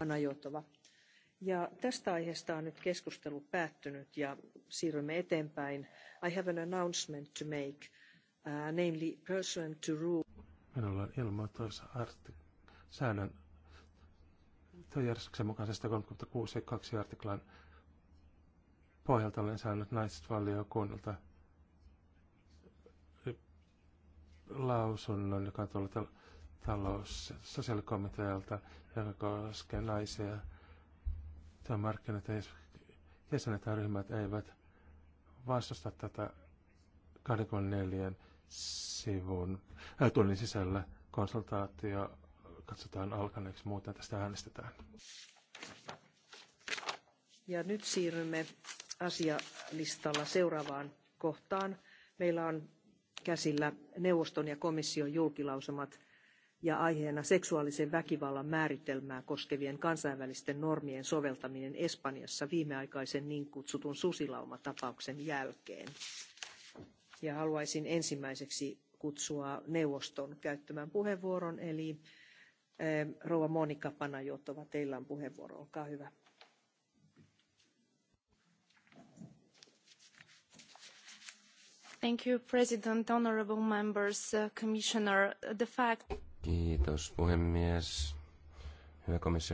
on ajoitava. Ja tästä aiheesta on nyt keskustelu päättynyt ja siirrymme eteenpäin. I have an announcement to make, uh, namely person to rule. Minulla on ilmoitus arti- säännön työjärjestyksen mukaan 136.2 artiklan pohjalta olen saanut naisvaliokunnalta lausunnon, joka on tullut talous- ja sosiaalikomitealta, joka koskee naisia. Työmarkkinat ja jäsenet ja ryhmät eivät vastusta tätä 24 sivun äh, tunnin sisällä konsultaatio katsotaan alkaneeksi, muuten tästä äänestetään. Ja nyt siirrymme asialistalla seuraavaan kohtaan. Meillä on käsillä neuvoston ja komission julkilausumat ja aiheena seksuaalisen väkivallan määritelmää koskevien kansainvälisten normien soveltaminen Espanjassa viimeaikaisen niin kutsutun susilaumatapauksen jälkeen. Ja haluaisin ensimmäiseksi kutsua neuvoston käyttämään puheenvuoron, eli eh, rouva Monika Panajotova, teillä on puheenvuoro, olkaa hyvä. Thank you, President, honorable members, uh, Commissioner. The fact Kiitos puhemies. Hyvä komissio.